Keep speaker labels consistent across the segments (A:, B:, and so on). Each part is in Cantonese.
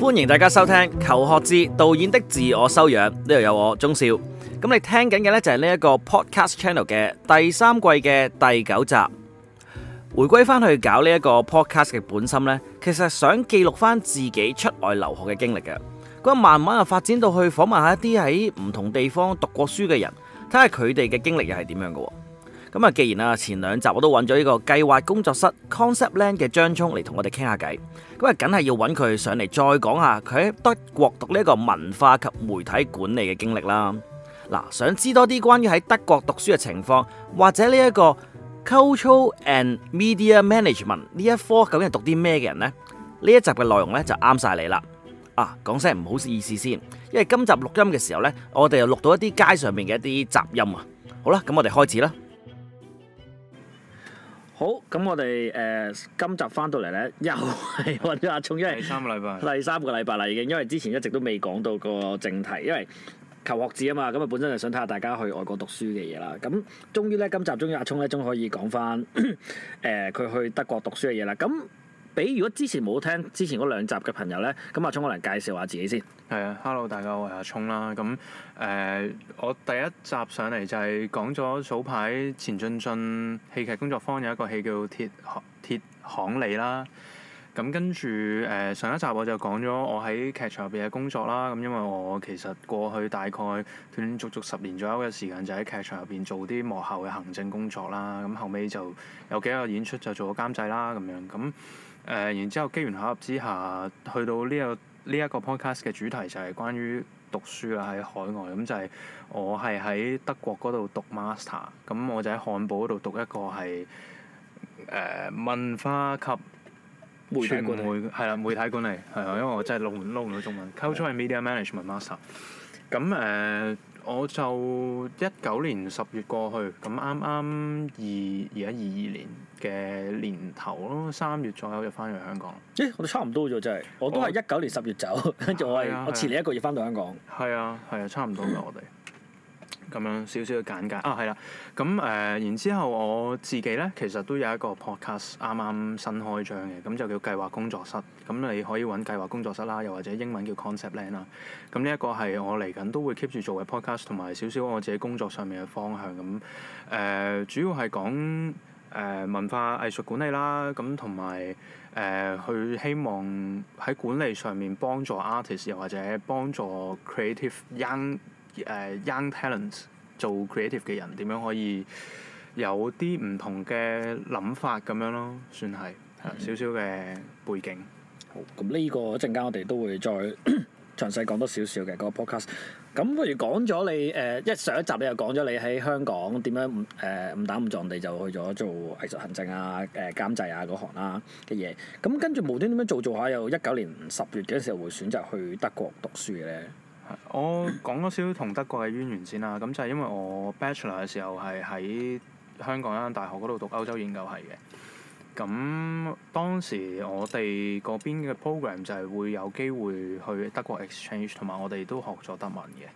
A: 歡迎大家收聽《求學誌導演的自我修養》，呢度有我鍾少。咁你聽緊嘅呢，就係呢一個 Podcast Channel 嘅第三季嘅第九集。回歸返去搞呢一個 Podcast 嘅本心呢，其實想記錄翻自己出外留學嘅經歷嘅。咁慢慢又發展到去訪問下一啲喺唔同地方讀過書嘅人，睇下佢哋嘅經歷又係點樣嘅。咁啊，既然啊前兩集我都揾咗呢個計劃工作室 Conceptland 嘅張聰嚟同我哋傾下偈，咁啊，梗係要揾佢上嚟再講下佢喺德國讀呢一個文化及媒體管理嘅經歷啦。嗱，想知多啲關於喺德國讀書嘅情況，或者呢一個 Culture and Media Management 呢一科究竟係讀啲咩嘅人呢？呢一集嘅內容呢，就啱晒你啦。啊，講聲唔好意思先，因為今集錄音嘅時候呢，我哋又錄到一啲街上面嘅一啲雜音啊。好啦，咁我哋開始啦。
B: 好，咁我哋誒、呃、今集翻到嚟咧，又係揾咗阿聰，因為第三個禮拜，第三個禮拜啦已經，因為之前一直都未講到個正題，因為求學誌啊嘛，咁啊本身就想睇下大家去外國讀書嘅嘢啦，咁終於咧今集終於阿聰咧，終於可以講翻誒佢去德國讀書嘅嘢啦，咁。俾如果之前冇聽之前嗰兩
C: 集嘅朋友呢，咁、啊、阿聰我嚟介紹下自己先。係啊，hello 大家好，我係阿聰啦。咁誒、呃，我第一集上嚟就係講咗早排前進進戲劇工作坊有一個戲叫鐵《鐵行鐵行里》啦。咁跟住誒、呃、上一集我就講咗我喺劇場入邊嘅工作啦。咁因為我其實過去大概斷斷續續十年左右嘅時間就喺劇場入邊做啲幕後嘅行政工作啦。咁後尾就有幾個演出就做咗監製啦咁樣咁。誒，然之後機緣巧合之下去到呢、這個呢一、這個 podcast 嘅主題就係關於讀書啦，喺海外咁就係我係喺德國嗰度讀 master，咁我就喺漢堡嗰度讀一個係誒、呃、文化及傳媒，係啦媒體管理，係啊，因為我真係撈唔撈唔到中文，Culture 係 media management master，咁誒。呃我就一九年十月過去，咁啱啱二而家二二年嘅年頭咯，三月左右就翻去香港。咦，我哋差唔多咗真
B: 係，我都係一九年十月走，跟住我係 我遲是你、啊、一個月翻到香港。
C: 係啊，係啊，啊，差唔多㗎， 我哋。咁樣少少嘅簡介啊，係啦。咁誒、呃，然之後我自己咧，其實都有一個 podcast 啱啱新開張嘅，咁就叫計劃工作室。咁你可以揾計劃工作室啦，又或者英文叫 Conceptland 啦。咁呢一個係我嚟緊都會 keep 住做嘅 podcast，同埋少少我自己工作上面嘅方向。咁誒、呃，主要係講誒文化藝術管理啦，咁同埋誒去希望喺管理上面幫助 artist，又或者幫助 creative young。誒 young talent 做 creative 嘅人點樣可以有啲唔同嘅諗法咁樣咯，算係係少少嘅背景。好，咁
B: 呢個陣間我哋都會再詳細講多少少嘅嗰個 podcast。咁不如講咗你誒，即上一集你又講咗你喺香港點樣誒誤打誤撞地就去咗做藝術行政啊、誒監製啊嗰行啦嘅嘢。咁跟住冇端端咁樣做做下，又一九年十月嘅時候會選擇去德國讀書嘅咧。
C: 我講多少同德國嘅淵源先啦，咁就係因為我 bachelor 嘅時候係喺香港一間大學嗰度讀歐洲研究係嘅。咁當時我哋嗰邊嘅 program 就係會有機會去德國 exchange，同埋我哋都學咗德文嘅。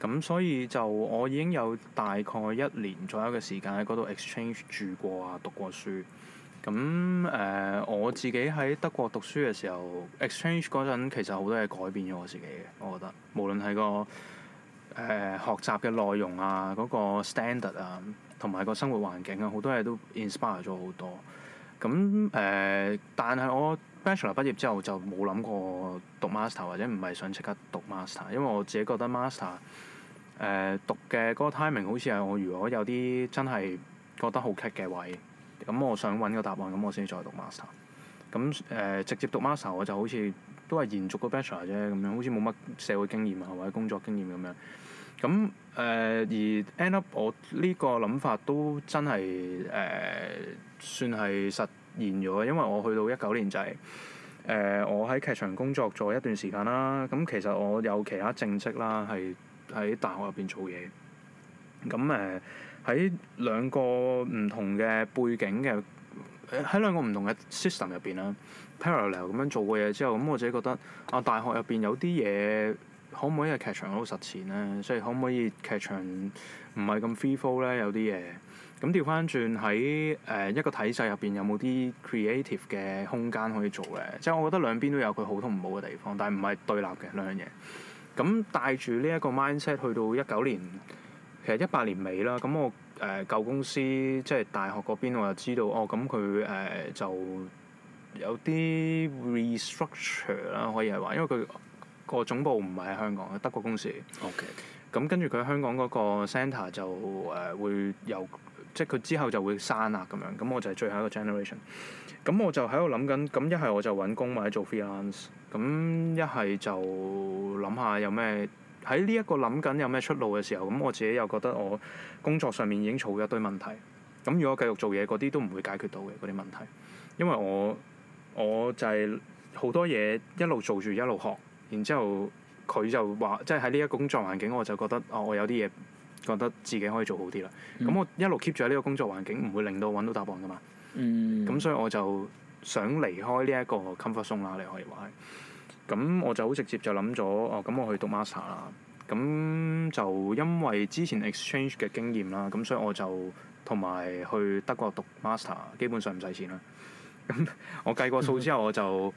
C: 咁所以就我已經有大概一年左右嘅時間喺嗰度 exchange 住過啊，讀過書。咁誒、呃，我自己喺德國讀書嘅時候，exchange 嗰陣其實好多嘢改變咗我自己嘅。我覺得無論係個誒、呃、學習嘅內容啊，嗰個 standard 啊，同埋個生活環境啊，好多嘢都 inspire 咗好多。咁誒、呃，但係我 Bachelor 畢業之後就冇諗過讀 master，或者唔係想即刻讀 master，因為我自己覺得 master 誒、呃、讀嘅嗰個 timing 好似係我如果有啲真係覺得好 cut 嘅位。咁我想揾個答案，咁我先再讀 master。咁、呃、誒直接讀 master，我就好似都係延續個 bachelor 啫咁樣，好似冇乜社會經驗啊，或者工作經驗咁樣。咁誒、呃、而 end up，我呢個諗法都真係誒、呃、算係實現咗，因為我去到一九年就係、是、誒、呃、我喺劇場工作咗一段時間啦。咁其實我有其他正職啦，係喺大學入邊做嘢。咁誒。呃喺兩個唔同嘅背景嘅，喺兩個唔同嘅 system 入邊啦，parallel 咁樣做過嘢之後，咁我自己覺得啊，大學入邊有啲嘢可唔可以喺劇場好實踐咧？即係可唔可以劇場唔係咁 free flow 咧？有啲嘢咁調翻轉，喺誒一個體制入邊有冇啲 creative 嘅空間可以做咧？即係我覺得兩邊都有佢好同唔好嘅地方，但係唔係對立嘅兩樣嘢。咁帶住呢一個 mindset 去到一九年。其實一百年尾啦，咁我誒、呃、舊公司即係大學嗰邊，我就知道哦。咁佢誒就有啲 restructure 啦，可以係話，因為佢個總部唔係喺香港係德國公司。O.K. 咁跟住佢香港嗰個 centre 就誒、呃、會有，即係佢之後就會刪啦咁樣。咁我就係最後一個 generation。咁我就喺度諗緊，咁一係我就揾工或者做 freelance，咁一係就諗下有咩？喺呢一個諗緊有咩出路嘅時候，咁我自己又覺得我工作上面已經儲咗一堆問題。咁如果繼續做嘢，嗰啲都唔會解決到嘅嗰啲問題。因為我我就係好多嘢一路做住一路學，然之後佢就話，即係喺呢一個工作環境，我就覺得哦，我有啲嘢覺得自己可以做好啲啦。咁、嗯、我一路 keep 住喺呢個工作環境，唔會令到我揾到答案噶嘛。咁、嗯、所以我就想離開呢一個 comfort zone 啦，你可以話係。咁我就好直接就諗咗，哦，咁我去讀 master 啦。咁就因為之前 exchange 嘅經驗啦，咁所以我就同埋去德國讀 master，基本上唔使錢啦。咁我計過數之後，我就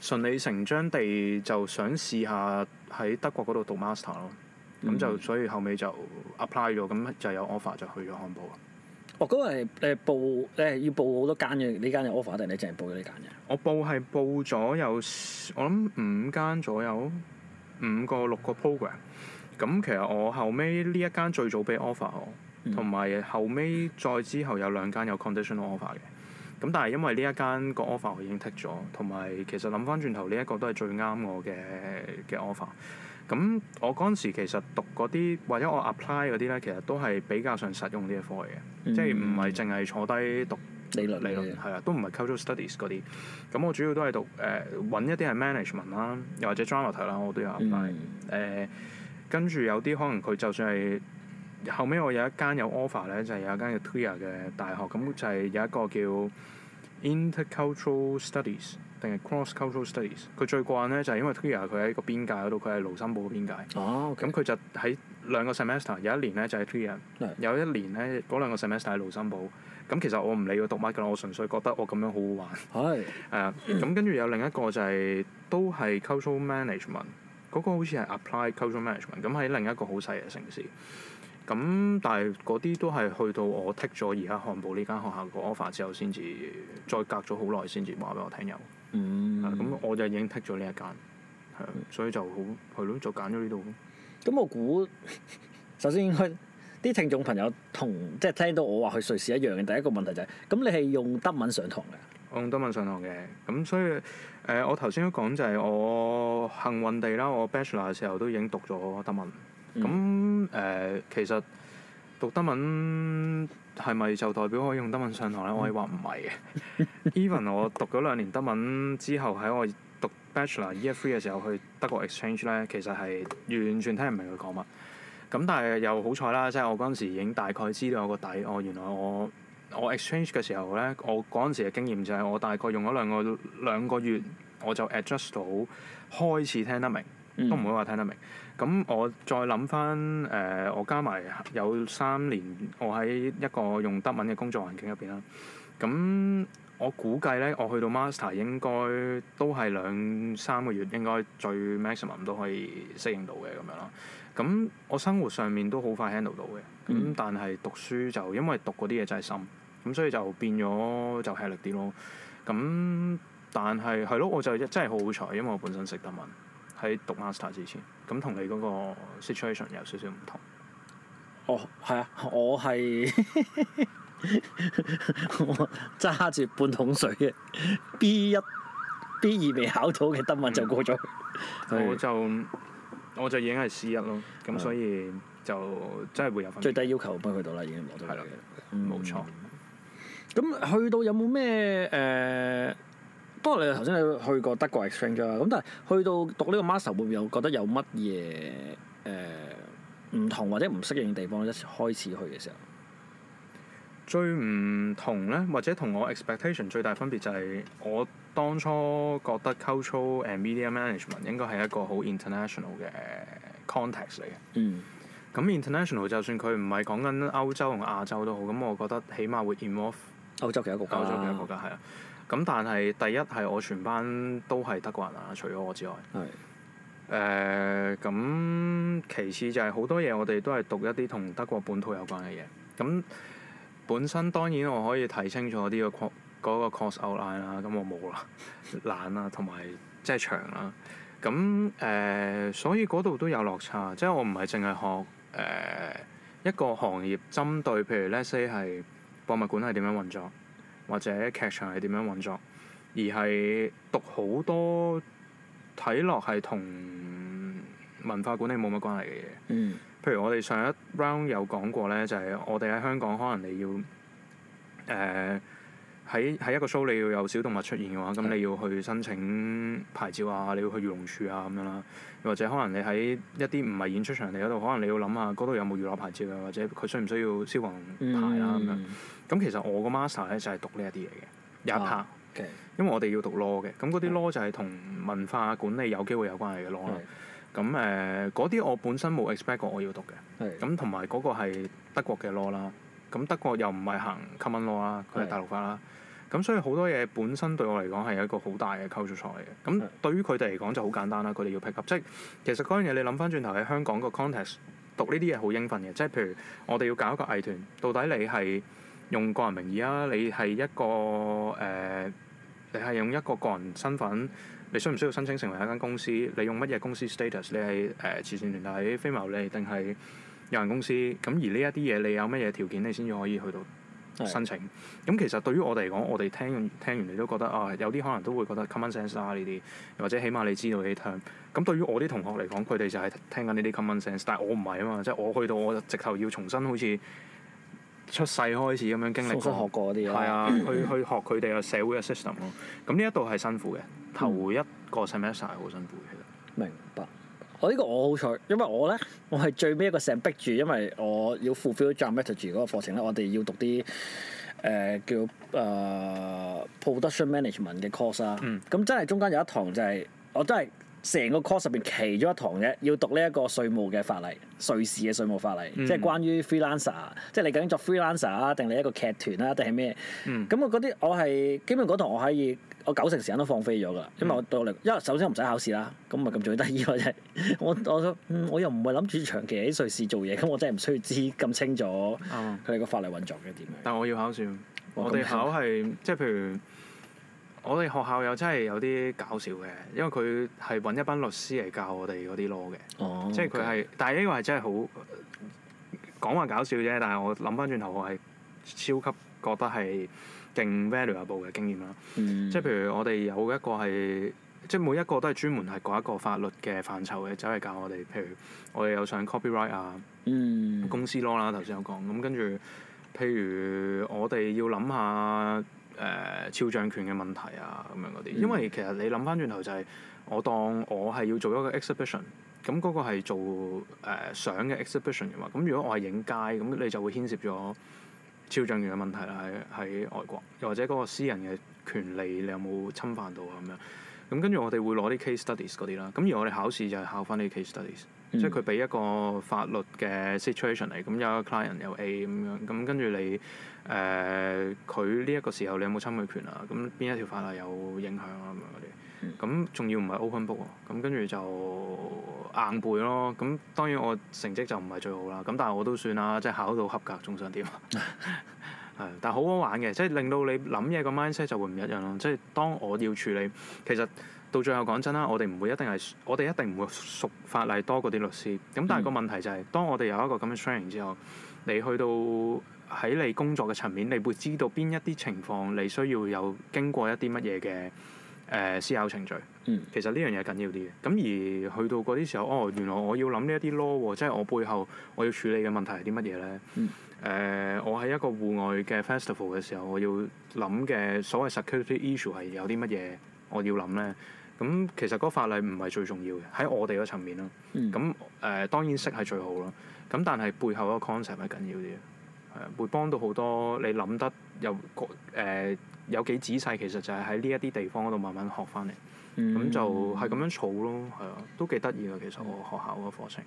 C: 順理成章地就想試下喺德國嗰度讀 master 咯。咁就所以後尾就 apply 咗，咁就有 offer 就去咗漢堡。哦，嗰個係誒報、呃、要報好多間嘅呢間有 offer，定係你淨係報咗呢間嘅？我報係報咗有，我諗五間左右，五個六個 program。咁其實我後尾呢一間最早俾 offer 我，同埋後尾再之後有兩間有 conditional offer 嘅。咁但係因為呢一間個 offer 我已經剔咗，同埋其實諗翻轉頭呢一個都係最啱我嘅嘅 offer。咁我嗰陣時其實讀嗰啲或者我 apply 嗰啲咧，其實都係比較上實用啲嘅科嚟嘅，嗯、即係唔係淨係坐低讀理論理論，係啊論，對都唔係 cultural studies 嗰啲。咁我主要都係讀誒揾、呃、一啲係 management 啦，又或者 dramaturgy 啦，我都有 apply、嗯。誒、呃，跟住有啲可能佢就算係後尾，我有一間有 offer 咧，就係、是、有一間叫 Trier 嘅大學，咁就係有一個叫 intercultural studies。定係 cross-cultural studies 佢最慣咧就係、是、因為 Trier 佢喺個邊界嗰度，佢係盧森堡嘅邊界。哦，咁佢就喺兩個 semester，有一年咧就喺 Trier Yes. 有一年咧嗰兩個 semester 喺盧森堡。咁其實我唔理佢讀乜嘅啦，我純粹覺得我咁樣好好玩係誒。咁跟住有另一個就係、是、都係 cultural management，嗰個好似係 apply cultural management。咁喺另一個好細嘅城市。咁但係嗰啲都係去到我剔咗而家漢堡呢間學校個 offer 之後，先至再隔咗好耐先至話俾我聽有。
B: Mm hmm. 嗯，咁我
C: 就已經剔咗呢一間，係，所以就好係咯，就揀咗呢度。咁我估，
B: 首先應該啲聽眾朋友同即係聽到我話去瑞士一樣嘅，第一個問題就係、是，咁你係用德文上堂嘅？
C: 我用德文上堂嘅，咁所以，誒、呃，我頭先都講就係我幸運地啦，我 Bachelor 嘅時候都已經讀咗德文，咁誒、mm hmm. 嗯呃，其實讀德文。係咪就代表可以用德文上堂咧？我可以話唔係嘅。Even 我讀咗兩年德文之後，喺我讀 Bachelor Year Three 嘅時候去德國 exchange 咧，其實係完全聽唔明佢講乜。咁但係又好彩啦，即係我嗰陣時已經大概知道有個底。哦，原來我我 exchange 嘅時候咧，我嗰陣時嘅經驗就係我大概用咗兩個兩個月，我就 adjust 到開始聽得明，都唔會話聽得明。嗯咁我再諗翻誒，我加埋有三年，我喺一個用德文嘅工作環境入邊啦。咁我估計咧，我去到 master 應該都係兩三個月，應該最 maximum 都可以適應到嘅咁樣咯。咁我生活上面都好快 handle 到嘅。咁但係讀書就因為讀嗰啲嘢真係深咁，所以就變咗就吃力啲咯。咁但係係咯，我就真係好好彩，因為我本身識德文喺讀 master 之前。咁同你嗰個 situation 有少少唔同。哦，係啊，我係
B: 我揸住半桶水嘅。B 一、B 二未考到嘅，德文、嗯、就過咗。我
C: 就是我就已經係 C 一咯。
B: 咁所以就真係會有分別。啊、最低要求不去，攞到啦已經。係啦、啊，冇錯。咁、嗯、去到有冇咩誒？呃不過你頭先去過德國 exchange 啦，咁但係去到讀呢個 master 會唔會有覺得有乜嘢誒
A: 唔
C: 同或者唔適應嘅地方？一開始去嘅時候，最唔同咧，或者同我 expectation 最大分別就係、是、我當初覺得 cultural and media management 應該係一個好 international 嘅 context 嚟嘅。嗯。咁 international 就算佢唔係講緊歐洲同亞洲都好，咁我覺得起碼會 involve 歐洲其他國家，歐洲其他國家係啊。咁但係第一係我全班都係德國人啦，除咗我之外。係是。咁、呃，其次就係好多嘢我哋都係讀一啲同德國本土有關嘅嘢。咁本身當然我可以睇清楚啲、這個確嗰、那個 course outline 啦。咁我冇啦，懶啦，同埋即係長啦。咁誒、呃，所以嗰度都有落差，即、就、係、是、我唔係淨係學誒、呃、一個行業針對，譬如 let's say 係博物館係點樣運作，或者劇場係點樣運作，而係讀好多睇落係同文化管理冇乜關係嘅嘢。嗯、譬如我哋上一 round 有講過咧，就係、是、我哋喺香港可能你要誒喺喺一個 show 你要有小動物出現嘅話，咁、嗯、你要去申請牌照啊，你要去漁農處啊咁樣啦。或者可能你喺一啲唔係演出場地嗰度，可能你要諗下嗰度有冇娛樂牌照啊，或者佢需唔需要消防牌啦、啊、咁、嗯、樣。咁其實我個 master 咧就係讀呢一啲嘢嘅，有一 part，、啊 okay. 因為我哋要讀 law 嘅。咁嗰啲 law 就係同文化管理有機會有關係嘅 law 啦。咁誒嗰啲我本身冇 expect 過我要讀嘅。咁同埋嗰個係德國嘅 law 啦。咁德國又唔係行 common law 啦，佢係大陸法啦。咁 Yeah. 所以好多嘢本身對我嚟講係一個好大嘅 culture shock 嚟嘅。咁對於佢哋嚟講就好簡單啦。佢哋要 pick up 即係其實嗰樣嘢你諗翻轉頭喺香港個 context 讀呢啲嘢好英分嘅，即係譬如我哋要搞一個藝團，到底你係？用個人名義啊！你係一個誒、呃，你係用一個個人身份，你需唔需要申請成為一間公司？你用乜嘢公司 status？你係誒、呃、慈善團體非、非牟利定係有限公司？咁而呢一啲嘢，你有乜嘢條件，你先至可以去到申請？咁是的 其實對於我哋嚟講，我哋聽聽完你都覺得啊，有啲可能都會覺得 common sense 啊，呢啲，或者起碼你知道呢啲 term。咁對於我啲同學嚟講，佢哋就係聽緊呢啲 common sense，但係我唔係啊嘛，即、就、係、是、我去到我就直頭要重新好似。出世開始咁樣經歷過，學過啲咯，係啊， 去去學佢哋嘅社會嘅 system 咯。咁呢一度係辛苦嘅，頭一個 semester 係好辛苦嘅、嗯。
B: 明白。我、哦、呢、呢個我好彩，因為我咧，我係最尾一個成日逼住，因為我要 fulfill job message 嗰個課程咧，我哋要讀啲誒、呃、叫誒、呃、production management 嘅 course 啊。嗯。咁真係中間有一堂就係、是、我真係。成個 course 入邊，其中一堂嘅，要讀呢一個稅務嘅法例，瑞士嘅稅務法例，嗯、即係關於 freelancer，即係你究竟作 freelancer 啊，定你一個劇團啊，定係咩？咁、嗯、我嗰啲，我係基本嗰堂我可以，我九成時間都放飛咗噶，因為我到嚟，因為首先唔使考試啦，咁咪咁最得意咯。即係我，我，我又唔係諗住長期喺瑞士做嘢，咁我真係唔需要知咁清楚佢哋個法例運作
C: 嘅點樣。但我要考試，我哋考係、啊、即係譬如。我哋學校又真係有啲搞笑嘅，因為佢係揾一班律師嚟教我哋嗰啲 law 嘅，oh, okay. 即係佢係，但係呢個係真係好講話搞笑啫。但係我諗翻轉頭，我係超級覺得係勁 valuable 嘅經驗啦。嗯、即係譬如我哋有一個係，即係每一個都係專門係講一個法律嘅範疇嘅，走嚟教我哋。譬如我哋有上 copyright 啊，嗯、公司 law 啦、啊，頭先有講。咁跟住，譬如我哋要諗下。誒肖像權嘅問題啊，咁樣嗰啲，因為其實你諗翻轉頭就係、是、我當我係要做一個 exhibition，咁嗰個係做誒、呃、相嘅 exhibition 嘅嘛。咁如果我係影街，咁你就會牽涉咗肖像權嘅問題啦。喺喺外國，又或者嗰個私人嘅權利，你有冇侵犯到啊？咁樣咁跟住我哋會攞啲 case studies 嗰啲啦。咁而我哋考試就係考翻啲 case studies，嗯、即係佢俾一個法律嘅 situation 嚟。咁有一個 client 有 A 咁樣，咁跟住你。誒，佢呢一個時候你有冇參與權啊？咁邊一條法例有影響啊？咁樣嗰啲，咁仲要唔係 open book 喎、啊？咁跟住就硬背咯。咁當然我成績就唔係最好啦。咁但係我都算啦，即係考到合格，仲想點？係，但係好好玩嘅，即係令到你諗嘢個 mindset 就會唔一樣咯。即係當我要處理，其實到最後講真啦，我哋唔會一定係，我哋一定唔會熟法例多過啲律師。咁但係個問題就係、是，嗯、當我哋有一個咁嘅 training 之後，你去到。喺你工作嘅層面，你會知道邊一啲情況，你需要有經過一啲乜嘢嘅誒思考程序。其實呢樣嘢緊要啲嘅。咁而去到嗰啲時候，哦，原來我要諗呢一啲 law，哦，即係我背後我要處理嘅問題係啲乜嘢咧？嗯，呃、我喺一個戶外嘅 festival 嘅時候，我要諗嘅所謂 security issue 係有啲乜嘢我要諗咧？咁其實嗰個法例唔係最重要嘅，喺我哋嗰層面咯。咁誒、嗯呃、當然識係最好咯。咁但係背後一個 concept 係緊要啲。係會幫到好多，你諗得又個、呃、有幾仔細，其實就係喺呢一啲地方嗰度慢慢學翻嚟，咁、嗯、就係咁樣儲咯，係啊，都幾得意㗎，其實我學校嗰課程。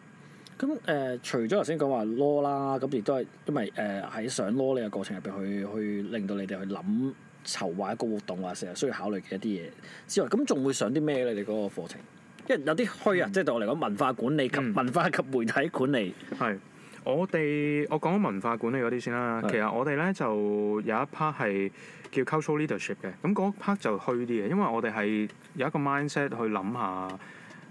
C: 咁誒、呃，除咗頭先
B: 講話 law 啦，咁亦都係因為誒喺上 law 呢個過程入邊去去令到你哋去諗籌劃一個活動啊成日需要考慮嘅一啲嘢之外，咁仲會上啲咩咧？你哋嗰個課程，因為有啲虛啊，嗯、即係對我嚟講文化管理及文化及媒體管理係。嗯嗯
C: 我哋我講文化管理嗰啲先啦，的其實我哋咧就有一 part 係叫 cultural leadership 嘅，咁嗰 part 就虛啲嘅，因為我哋係有一個 mindset 去諗下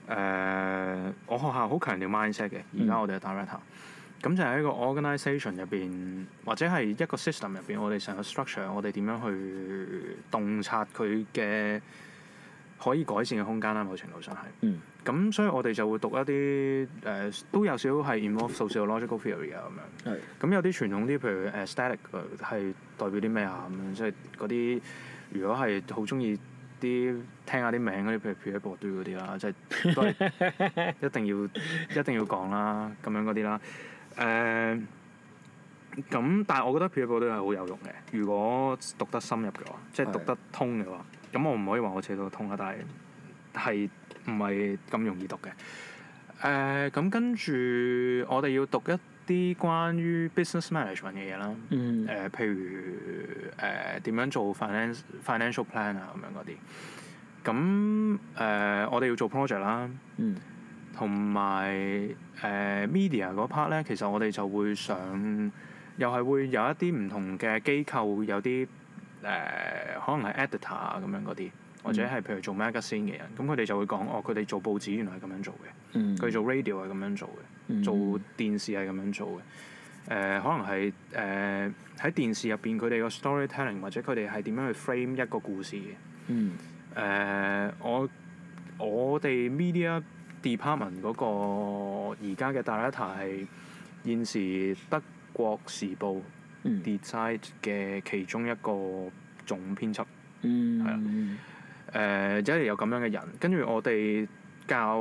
C: 誒，我學校好強調 mindset 嘅，而家我哋嘅 director，咁、嗯、就係一個 organisation 入邊或者係一個 system 入邊，我哋成個 structure，我哋點樣去洞察佢嘅。可以改善嘅空間啦，某程度上係。咁、嗯、所以我哋就會讀一啲誒、呃、都有少少係 involve sociological theory 啊咁樣。咁是有啲傳統啲，譬如誒 aesthetics 係代表啲咩啊咁樣，即係嗰啲如果係好中意啲聽一下啲名嗰啲，譬如 Bourdieu 嗰啲啦，即係一定要 一定要講啦咁樣嗰啲啦。誒、呃。咁但係我覺得 Bourdieu 係好有用嘅，如果讀得深入嘅話，即係讀得通嘅話。是咁我唔可以話我自己都通啊，但係係唔係咁容易讀嘅。誒咁跟住我哋要讀一啲關於 business management 嘅嘢啦，誒、嗯呃、譬如誒點、呃、樣做 finance financial plan 啊咁樣嗰啲。咁、嗯、誒、呃，我哋要做 project 啦，同埋誒 media 嗰 part 咧，其實我哋就會上又係會有一啲唔同嘅機構有啲。誒、呃、可能係 editor 啊咁樣嗰啲，或者係譬如做 magazine 嘅人，咁佢哋就會講，哦，佢哋做報紙原來係咁樣做嘅，佢、嗯、做 radio 啊咁樣做嘅，嗯、做電視係咁樣做嘅。誒、呃、可能係誒喺電視入邊佢哋個 storytelling 或者佢哋係點樣去 frame 一個故事嘅。誒、嗯呃、我我哋 media department 嗰個而家嘅 director 係現時德國時報。design 嘅，嗯、其中一個總編輯，係啦、嗯，誒，呃即係、有，有一個有咁樣嘅人。跟住我哋教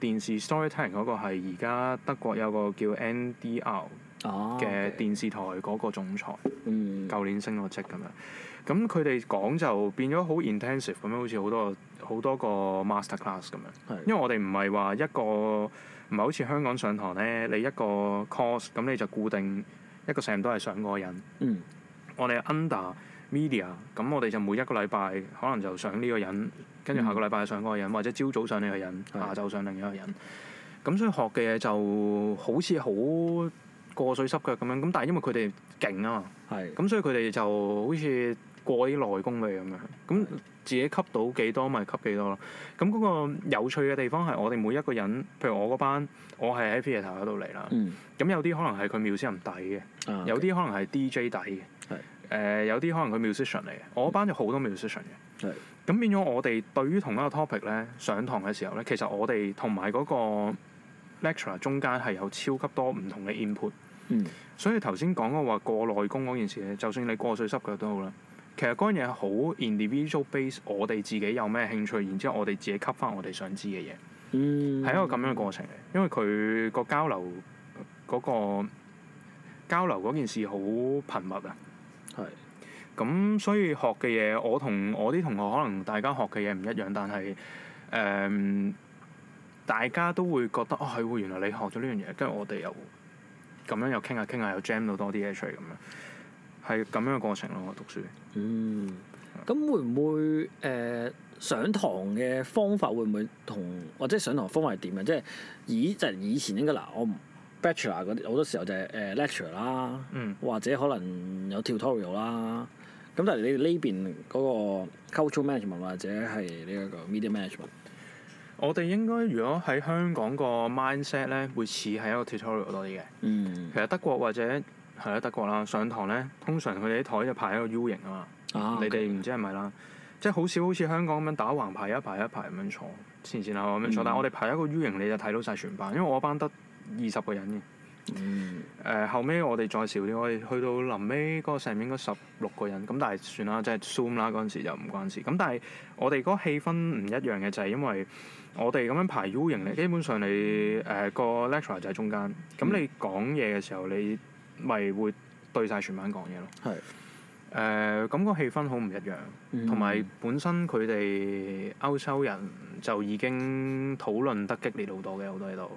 C: 電視 storytelling 嗰個係而家德國有個叫 NDR 嘅電視台嗰個總裁，舊、啊 okay, 嗯、年升咗職咁樣。咁佢哋講就變咗 int 好 intensive 咁樣，好似好多好多個 masterclass 咁樣。因為我哋唔係話一個唔係好似香港上堂咧，你一個 course 咁你就固定。一個成日都係上嗰個人，嗯，我哋 under media，咁我哋就每一個禮拜可能就上呢個人，跟住下個禮拜上嗰個人，或者朝早上呢個人，下晝上另一個人，咁是的 所以學嘅嘢就好似好過水濕腳咁樣，咁但係因為佢哋勁啊嘛，係，咁所以佢哋就好似。過啲內功咪咁樣，咁自己吸到幾多咪吸幾多咯。咁嗰個有趣嘅地方係我哋每一個人，譬如我嗰班，我係喺 pia 頭嗰度嚟啦。咁、嗯、有啲可能係佢 musician、啊、底嘅、嗯呃，有啲可能係 DJ 底嘅，誒有啲可能佢 musician 嚟嘅。我班有好多 musician 嘅。咁、嗯、變咗我哋對於同一個 topic 咧上堂嘅時候咧，其實我哋同埋嗰個 lecturer 中間係有超級多唔同嘅 input、嗯。所以頭先講嘅話過內功嗰件事咧，就算你過水濕腳都好啦。其實嗰樣嘢係好 individual base，我哋自己有咩興趣，然之後我哋自己吸翻我哋想知嘅嘢，係、嗯、一個咁樣嘅過程嚟。因為佢個交流嗰、嗰個交流嗰件事好頻密啊。係是。咁所以學嘅嘢，我同我啲同學可能大家學嘅嘢唔一樣，但係誒、呃，大家都會覺得哦，係喎，原來你學咗呢樣嘢，跟住我哋又咁樣又傾下傾下，又 jam 到多啲嘢出嚟咁樣。係咁樣嘅過程咯，我讀書。嗯，
B: 咁會唔會誒、呃、上堂嘅方法會唔會同，或者上堂方法係點啊？即、就、係、是、以就係、是、以前應該嗱、呃，我唔 bachelor 嗰啲好多時候就係、是、誒、呃、lecture 啦，嗯、或者可能有 tutorial 啦。咁但係你
C: 呢邊嗰個 cultural management 或者係呢一個 media management，我哋應該如果喺香港個 mindset 咧，會似係一個 tutorial 多啲嘅。嗯，其實德國或者。係啊，德國啦，上堂咧通常佢哋啲台就排一個 U 型啊嘛。啊你哋唔知係咪啦？啊 okay. 即係好少好似香港咁樣打橫排一排一排咁樣坐，前前後後咁樣坐。嗯、但係我哋排一個 U 型你就睇到晒全班，因為我班得二十個人嘅。誒、嗯呃、後尾我哋再少啲，我哋去到臨尾嗰個上面應該十六個人咁，但係算、就是、啦，即係 zoom 啦嗰陣時就唔關事。咁但係我哋嗰個氣氛唔一樣嘅，就係因為我哋咁樣排 U 型咧，嗯、基本上你誒、呃嗰個 lecturer 就喺中間咁，你講嘢嘅時候你。你咪會對晒全班講嘢咯。係是。誒、呃，咁、那個氣氛好唔一樣，同埋、嗯、本身佢哋歐洲人就已經討論得激烈好多嘅，好多喺度。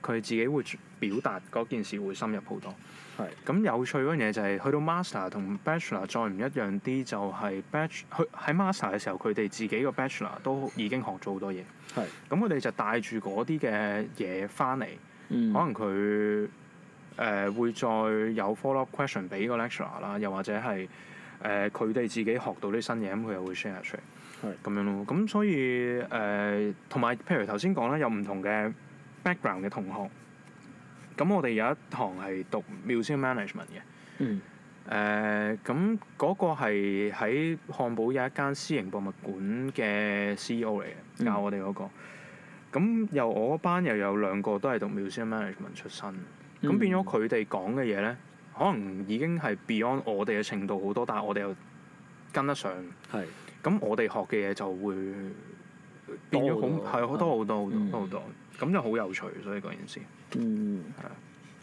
C: 佢自己會表達嗰件事會深入好多。係是。咁有趣嗰樣嘢就係去到 master 同 bachelor 再唔一樣啲，就係 bachelor 喺 master 嘅時候，佢哋自己個 bachelor 都已經學咗好多嘢。係是。咁佢哋就帶住嗰啲嘅嘢翻嚟，嗯、可能佢。誒、呃、會再有 follow-up question 俾個 lecturer 啦，又或者係誒佢哋自己學到啲新嘢，咁佢又會 share 出嚟，係咁是樣咯。咁所以誒同埋，呃、譬如頭先講啦，有唔同嘅 background 嘅同學，咁我哋有一堂係讀 museum management 嘅，嗯，咁嗰、呃、個係喺漢堡有一間私營博物館嘅 CEO 嚟嘅教我哋嗰、嗰個，咁又、嗯、我班又有兩個都係讀 museum management 出身。咁變咗佢哋講嘅嘢咧，可能已經係 beyond 我哋嘅程度好多，但係我哋又跟得上。係是。咁我哋學嘅嘢就會變咗好係好多好多好多好多，咁、嗯、就好有趣。所以嗰件事，嗯，
B: 係啊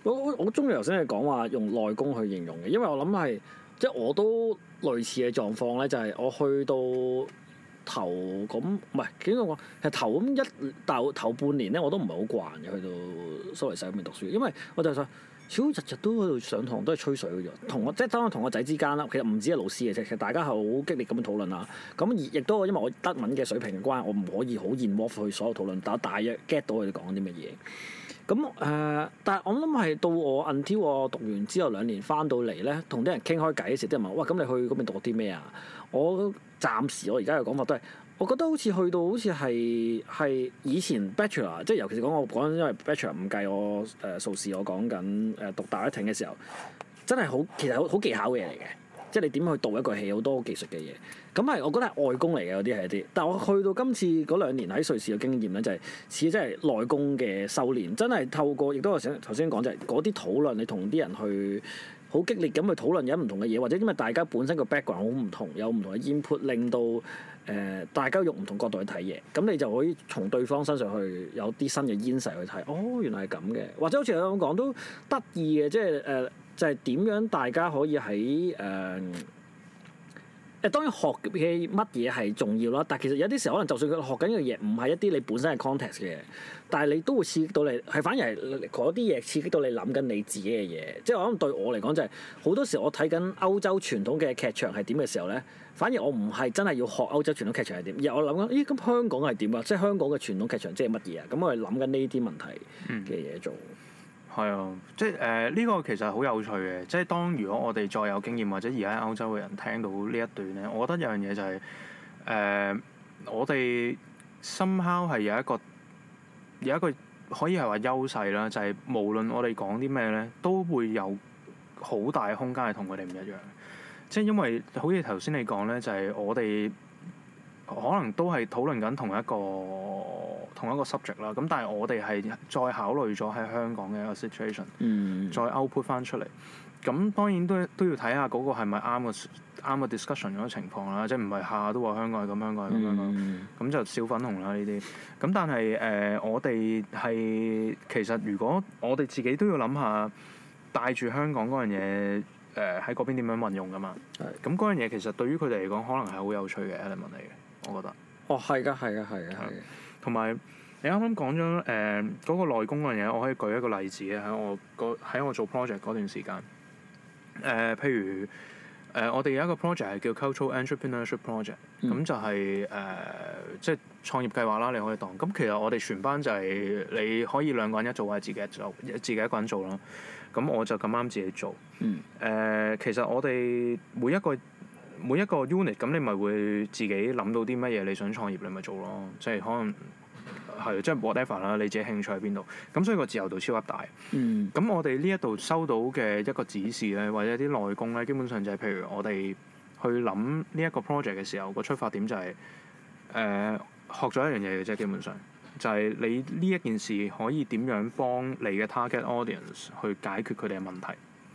B: 是，我我鍾意頭先你講話用內功去形容嘅，因為我諗係即係我都類似嘅狀況咧，就係、是、我去到。頭咁唔係，點講？其實頭咁一大頭，頭半年咧，我都唔係好慣嘅，去到蘇黎世嗰邊讀書，因為我就想，小日日都喺度上堂，都係吹水嘅啫。同我即係當我同我仔之間啦，其實唔止係老師嘅，啫，其實大家係好激烈咁嘅討論啦。咁亦都因為我德文嘅水平嘅關，我唔可以好 involve 去所有討論，但我大約 get 到佢哋講啲乜嘢。咁誒、呃，但係我諗係到我 until 我讀完之後兩年翻到嚟咧，同啲人傾開偈時候，啲人問：喂，咁你去嗰邊讀啲咩啊？我暫時我而家嘅講法都係、呃呃，我覺得好似去到好似係係以前 bachelor，即係尤其是講我講因為 bachelor 唔計我誒，碩士我講緊誒讀大一艇嘅時候，真係好，其實好好技巧嘅嘢嚟嘅，即係你點去導一個戲，好多技術嘅嘢。咁係我覺得外功嚟嘅嗰啲係一啲，但係我去到今次嗰兩年喺瑞士嘅經驗咧、就係，就係似真係內功嘅修練，真係透過亦都係想頭先講，就係嗰啲討論你同啲人去。好激烈咁去討論有唔同嘅嘢，或者因為大家本身個 background 好唔同，有唔同嘅 input，令到誒、呃、大家用唔同角度去睇嘢，咁你就可以從對方身上去有啲新嘅 insight 去睇，哦，原來係咁嘅，或者好似我咁講都得意嘅，即係誒就係、是、點、呃就是、樣大家可以喺。誒、呃。誒，當然學嘅乜嘢係重要啦，但係其實有啲時候可能就算佢學緊一樣嘢，唔係一啲你本身嘅 context 嘅，但係你都會刺激到你係，反而係嗰啲嘢刺激到你諗緊你自己嘅嘢。即係我諗對我嚟講就係、是、好多時我睇緊歐洲傳統嘅劇場係點嘅時候咧，反而我唔係真係要學歐洲傳統劇場係點，而我諗緊咦，咁香港係點啊？即係香港嘅傳統劇場即係乜嘢啊？
C: 咁我係諗緊呢啲問題嘅嘢做。嗯係啊，即係呢、呃呢個其實好有趣嘅，即係當如果我哋再有經驗，或者而家歐洲嘅人聽到呢一段咧，我覺得有樣嘢就係、是、誒、呃、我哋 somehow 係有一個有一個可以係話優勢啦，就係、是、無論我哋講啲咩咧，都會有好大空間係同佢哋唔一樣。即係因為好似頭先你講咧，就係、是、我哋可能都係討論緊同一個。同一個 subject 啦，咁但係我哋係再考慮咗喺香港嘅一個 situation、嗯、再 output 翻出嚟。咁當然都都要睇下嗰個係咪啱個啱個 discussion 嗰嘅情況啦，即係唔係下下都話香港係咁，香港係咁樣咁，咁、嗯、就小粉紅啦呢啲。咁但係誒、呃，我哋係其實如果我哋自己都要諗下帶住香港嗰樣嘢誒喺嗰邊點樣運用㗎嘛。係是。咁嗰樣嘢其實對於佢哋嚟講，可能係好有趣嘅 element 嚟嘅，我覺得。哦，係㗎，係㗎，係㗎。同埋你啱啱講咗誒嗰個內功嘅嘢，我可以舉一個例子，喺我個喺我做 project 嗰段時間，誒、呃、譬如誒、呃、我哋有一個 project 係叫 cultural entrepreneurship project，咁就係誒即係創業計劃啦，你可以當。咁其實我哋全班就係你可以兩個人一組或者自己一組，自己一個人做咯。咁我就咁啱自己做。嗯、呃。其實我哋每一個每一個 unit，咁你咪會自己諗到啲乜嘢，你想創業你咪做咯，即係可能係即係 whatever 啦，你自己興趣喺邊度，咁所以個自由度超級大。嗯。咁我哋呢一度收到嘅一個指示咧，或者啲內功咧，基本上就係譬如我哋去諗呢一個 project 嘅時候，個出發點就係、是、誒、呃、學咗一樣嘢嘅啫，基本上就係、是、你呢一件事可以點樣幫你嘅 target audience 去解決佢哋嘅問題。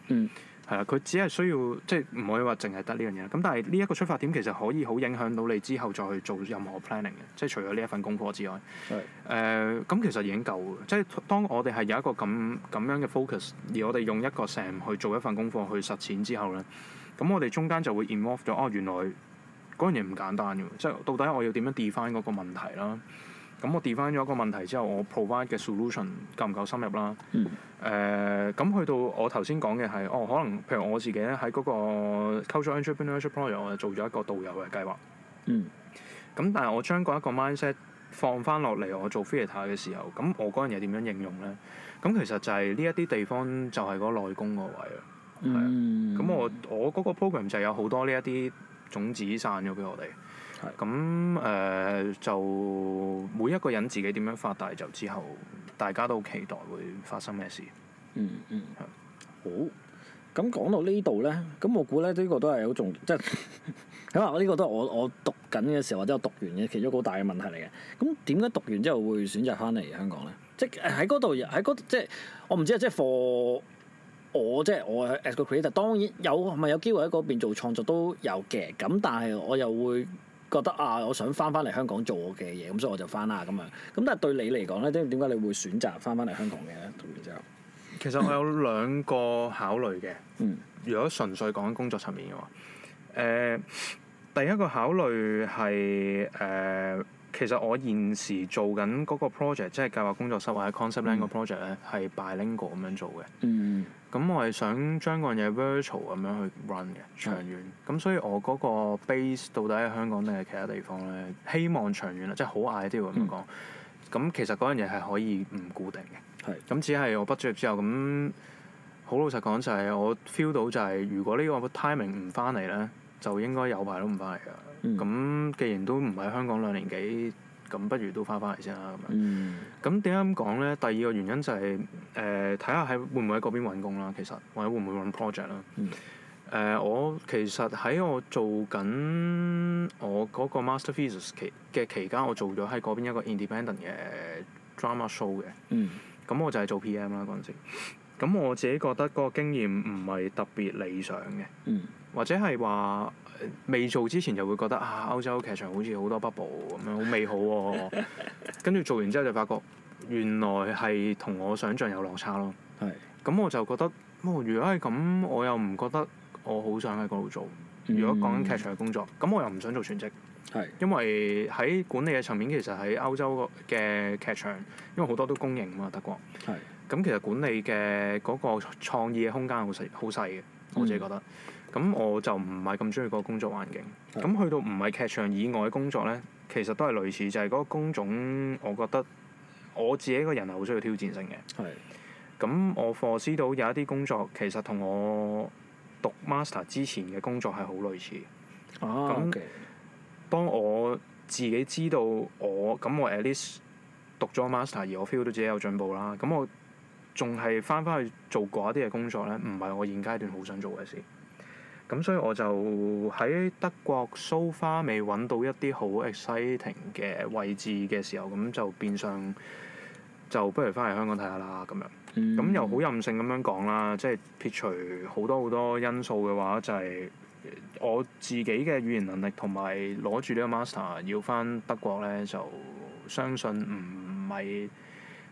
C: 嗯。係啦，佢只係需要即係唔可以話淨係得呢樣嘢。咁但係呢一個出發點其實可以好影響到你之後再去做任何 planning 嘅，即係除咗呢一份功課之外，誒咁是、呃、其實已經夠即係當我哋係有一個咁咁樣嘅 focus，而我哋用一個 Sam 去做一份功課去實踐之後咧，咁我哋中間就會 involve 咗哦，原來嗰樣嘢唔簡單㗎，即係到底我要點樣 define 翻嗰個問題啦？咁我 deal 翻咗一個問題之後，我 provide 嘅 solution 夠唔夠深入啦？誒、嗯，咁、嗯、去到我頭先講嘅係，哦，可能譬如我自己咧喺嗰個 culture entrepreneurial project，我係做咗一個導遊嘅計劃。咁、嗯嗯、但係我將嗰一個 mindset 放翻落嚟，我做 filter 下嘅時候，咁我嗰樣嘢點樣應用咧？咁其實就係呢一啲地方就係個內功個位啦。咁、
B: 嗯啊、我
C: 我嗰個 program 就有好多呢一啲種子散咗俾我哋。咁誒是、呃、就每一個人自己點樣發大，就之後大家都期待會發生咩事。嗯
B: 嗯，嗯是好。咁講到呢度咧，咁我估咧呢個都係好重，即係起碼我呢個都係我我讀緊嘅時候或者我讀完嘅其中一個好大嘅問題嚟嘅。咁點解讀完之後會選擇翻嚟香港咧？即係喺嗰度，喺嗰即係我唔知啊。即係 for 我即係、就是、我 as a creator，當然有咪有機會喺嗰邊做創作都有嘅。咁但係我又會，覺得啊，我想翻返嚟香港做我嘅嘢，咁所以我就翻啦咁啊。咁但係對你嚟講咧，即係點解你會選擇翻返嚟香港嘅？讀完之後，
C: 其實我有兩個考慮嘅。 如果純粹講喺工作層面嘅話，誒、呃，第一個考慮係誒、呃，其實我現時做緊嗰個 project，即係計劃工作室或者 Conceptland project 咧，係、嗯、bilingual 咁樣做嘅。嗯咁我係想將嗰樣嘢 virtual 咁樣去 run 嘅長遠咁，嗯、所以我嗰個 base 到底喺香港定係其他地方咧？希望長遠啦，即係好 ideal 咁樣講。咁、嗯、其實嗰樣嘢係可以唔固定嘅，咁、嗯、只係我畢咗業之後咁。好老實講就係我 feel 到就係，如果呢個 timing 唔翻嚟咧，就應該有排都唔翻嚟㗎。咁、嗯、既然都唔喺香港兩年幾。咁不如都翻返嚟先啦。咁樣、嗯，咁點解咁講咧？第二個原因就係誒睇下喺會唔會喺嗰邊揾工啦，其實或者會唔會揾 project 啦、嗯。誒、呃，我其實喺我做緊我嗰個 master thesis 期嘅期間，我做咗喺嗰邊一個 independent 嘅 drama show 嘅。咁、嗯、我就係做 PM 啦嗰陣時。咁我自己覺得嗰個經驗唔係特別理想嘅，
A: 嗯、
C: 或者係話。未做之前就會覺得啊，歐洲劇場好似好多 bubble，咁樣好美好喎、啊， 跟住做完之後就發覺原來係同我想象有落差咯。咁是我就覺得，哦、如果係咁，我又唔覺得我好想喺嗰度做。嗯、如果講緊劇場嘅工作，咁我又唔想做全職。是因為喺管理嘅層面，其實喺歐洲嘅劇場，因為好多都公營嘛，德國。係是。咁其實管理嘅嗰個創意嘅空間好細，好細嘅，我自己覺得。嗯咁我就唔係咁中意嗰個工作環境。咁、oh. 去到唔係劇場以外工作咧，其實都係類似，就係、是、嗰個工種。我覺得我自己個人係好需要挑戰性嘅。係。咁我 force 到有一啲工作，其實同我讀 Master 之前嘅工作係好類似。哦。咁，當我自己知道我咁，我 at least 讀咗 Master，而我 feel 到自己有進步啦。咁我仲係翻返去做過一啲嘅工作咧，唔係我現階段好想做嘅事。咁所以我就喺德國 so far 未揾到一啲好 exciting 嘅位置嘅時候，咁就變相就不如翻嚟香港睇下啦咁樣。咁又好任性咁樣講啦，即係撇除好多好多因素嘅話，就係、是、我自己嘅語言能力同埋攞住呢個 master 要翻德國咧，就相信唔係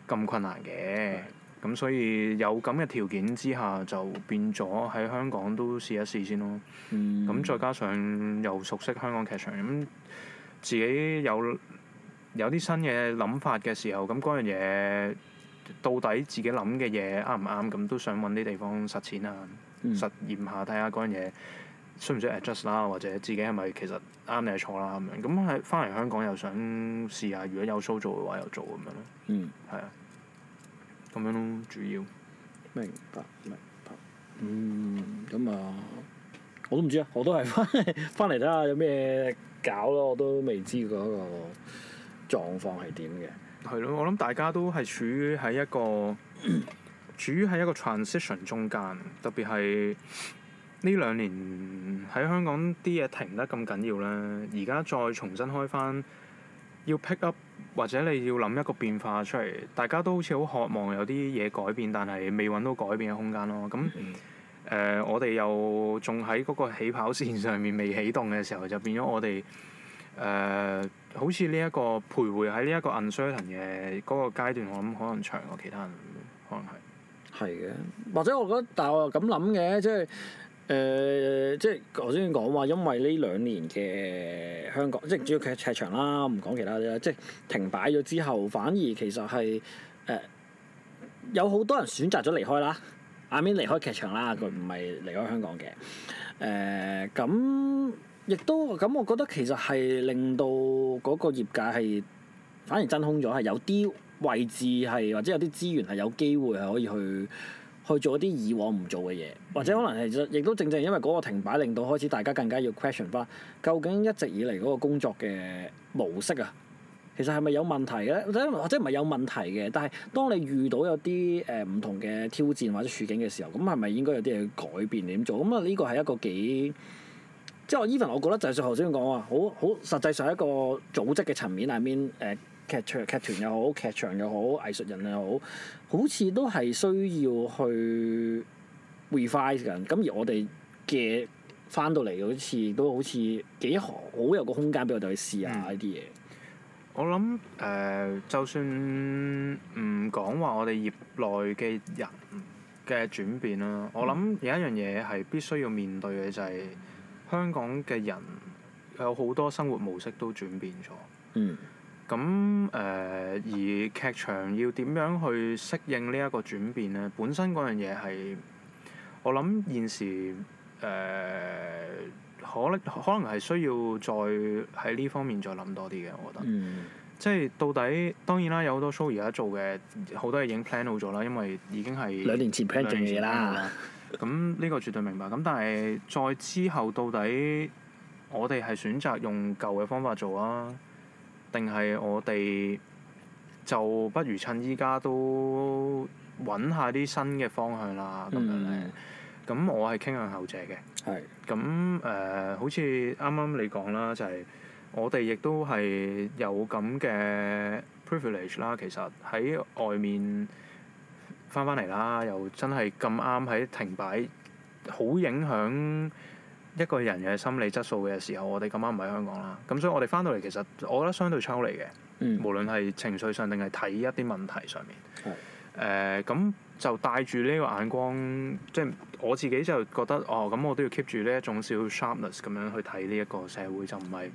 C: 咁困難嘅。咁所以有咁嘅條件之下，就變咗喺香港都試一試先咯。咁、嗯、再加上又熟悉香港劇場，咁自己有有啲新嘅諗法嘅時候，咁嗰樣嘢到底自己諗嘅嘢啱唔啱？咁都想揾啲地方實踐啊，嗯、實驗下睇下嗰樣嘢需唔需要 adjust 啦，或者自己係咪其實啱定係錯啦咁樣。咁喺翻嚟香港又想試下，如果有 show 做嘅話，又做咁樣咯。嗯，係啊。咁樣咯，主要明白，明
B: 白。嗯，咁啊，我都唔知啊，我都係翻翻嚟睇下有咩搞咯，我都未知嗰個狀況係點嘅。
C: 係咯、嗯，我諗大家都係處於喺一個 處於喺一個 transition 中間，特別係呢兩年喺香港啲嘢停得咁緊要咧，而家再重新開翻，要 pick up。或者你要諗一個變化出嚟，大家都好似好渴望有啲嘢改變，但係未揾到改變嘅空間咯。咁誒、嗯呃，我哋又仲喺嗰個起跑線上面未起動嘅時候，就變咗我哋誒、呃，好似呢一個徘徊喺呢一個 uncertain 嘅嗰個階段，我諗可能長過其他人，可能係。係嘅，或者我覺得，
B: 但係我又咁諗嘅，即係。誒、呃、即係我先講話，因為呢兩年嘅香港，即係主要劇劇場啦，唔講其他啲啦，即係停擺咗之後，反而其實係誒、呃、有好多人選擇咗離開啦，I mean, 離開劇場啦，佢唔係離開香港嘅。誒、呃、咁亦都咁，我覺得其實係令到嗰個業界係反而真空咗，係有啲位置係或者有啲資源係有機會係可以去。去做一啲以往唔做嘅嘢，或者可能其實亦都正正因為嗰個停擺令到開始大家更加要 question 翻，究竟一直以嚟嗰個工作嘅模式啊，其實係咪有問題嘅咧？或者或者唔係有問題嘅，但係當你遇到有啲誒唔同嘅挑戰或者處境嘅時候，咁係咪應該有啲嘢改變點做？咁啊呢個係一個幾即係我 even，我覺得就係頭先講話好好實際上一個組織嘅層面下面誒。I mean, 呃劇場劇團又好，劇場又好，藝術人又好，好似都係需要去 refine 嘅。咁而我哋嘅翻到嚟好似都好似幾
C: 好有個空間俾我哋去試下呢啲嘢。我諗誒、呃，就算唔講話我哋業內嘅人嘅轉變啦，嗯、我諗有一樣嘢係必須要面對嘅就係、係、香港嘅人有好多生活模式都轉變咗。嗯。咁誒、呃，而劇場要點樣去適應呢一個轉變咧？本身嗰樣嘢係我諗現時誒、呃，可能可能係需要再喺呢方面再諗多啲嘅。我覺得，嗯、即係到底當然啦，有好多 show 而家做嘅，好多嘢已經 plan 好咗啦，因為已經係兩年前 plan 正嘢啦。咁呢了 個絕對明白。咁但係再之後，到底我哋係選擇用舊嘅方法做啊？定係我哋就不如趁依家都揾下啲新嘅方向啦，咁樣咧。咁我係傾向後者嘅。
B: 係
C: 是。咁誒、呃，好似啱啱你講啦，就係、是、我哋亦都係有咁嘅 privilege 啦。其實喺外面翻返嚟啦，又真係咁啱喺停擺，好影響一個人嘅心理質素嘅時候，我哋咁啱唔喺香港啦。咁所以我哋翻到嚟，其實我覺得相對抽離嘅，嗯、無論係情緒上定係睇一啲問題上面。誒、哦，咁、呃、就帶住呢個眼光，即、就、係、是、我自己就覺得哦，咁我都要 keep 住呢一種小 sharpness 咁樣去睇呢一個社會，就唔係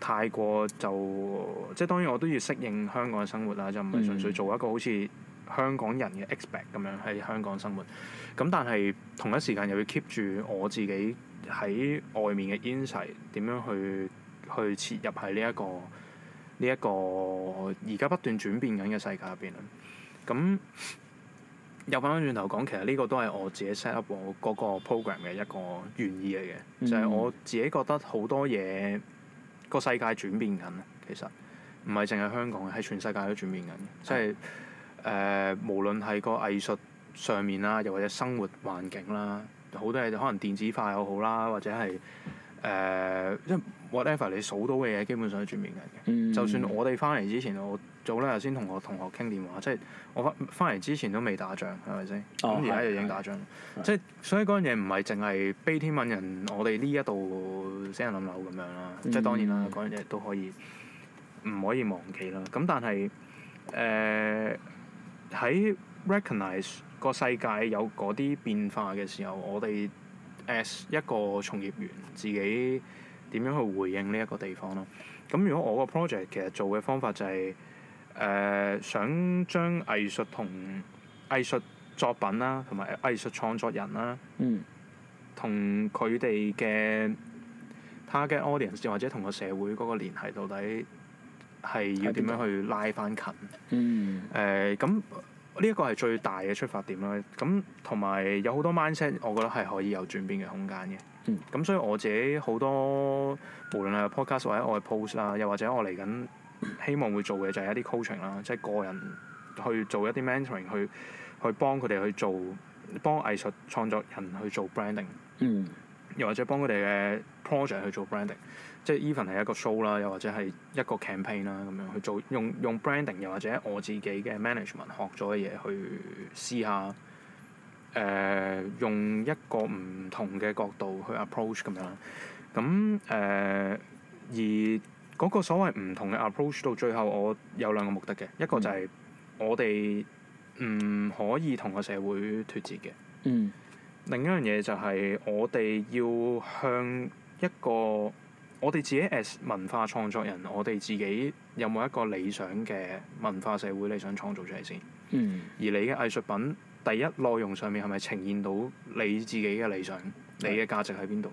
C: 太過就即係、就是、當然我都要適應香港嘅生活啦，就唔係純粹做一個好似，嗯香港人嘅 expect 咁樣喺香港生活，咁但係同一時間又要 keep 住我自己喺外面嘅 insight，點樣去去切入喺呢一個呢一個而家不斷轉變緊嘅世界入邊啦。咁又翻轉頭講，其實呢個都係我自己 set up 我嗰個 program 嘅一個願意嚟嘅。嗯、就係我自己覺得好多嘢個世界轉變緊，其實唔係淨係香港嘅，係全世界都轉變緊即係。嗯就係誒、呃，無論係個藝術上面啦，又或者生活環境啦，好多嘢可能電子化又好啦，或者係誒、呃，即係 whatever 你數到嘅嘢，基本上都轉變緊嘅。嗯、就算我哋翻嚟之前，我早咧頭先同我同學傾電話，即係我翻翻嚟之前都未打仗，係咪先？咁而家就已經打仗，即係所以嗰樣嘢唔係淨係悲天憫人，我哋呢一度死人冧樓咁樣啦。即係當然啦，嗰樣嘢都可以，唔可以忘記啦。咁但係誒、呃喺 recognize 個世界有嗰啲變化嘅時候，我哋 as 一個從業員自己點樣去回應呢一個地方咯。咁如果我個 project 其實做嘅方法就係、是、誒、呃、想將藝術同藝術作品啦，同埋藝術創作人啦，嗯，同佢哋嘅 target audience 或者同個社會嗰個聯繫到底。係要點樣去拉翻近？誒咁呢一個係最大嘅出發點啦。咁同埋有好多 mindset，我覺得係可以有轉變嘅空間嘅。咁、嗯、所以我自己好多無論係 podcast 或者我嘅 post 啊，又或者我嚟緊希望會做嘅就係一啲 coaching 啦，即係個人去做一啲 mentoring，去去幫佢哋去做幫藝術創作人去做 branding、嗯、又或者幫佢哋嘅 project 去做 branding。即係 even 係一個 show 啦，又或者係一個 campaign 啦，咁樣去做用用 branding，又或者我自己嘅 management 學咗嘅嘢去試下，誒、呃、用一個唔同嘅角度去 approach 咁樣。咁誒、呃、而嗰個所謂唔同嘅 approach 到最後，我有兩個目的嘅，一個就係我哋唔可以同個社會脱節嘅。嗯。另一樣嘢就係我哋要向一個我哋自己 as 文化創作人，我哋自己有冇一個理想嘅文化社會理想創造出嚟先？嗯。而你嘅藝術品，第一內容上面係咪呈現到你自己嘅理想，是你嘅價值喺邊度？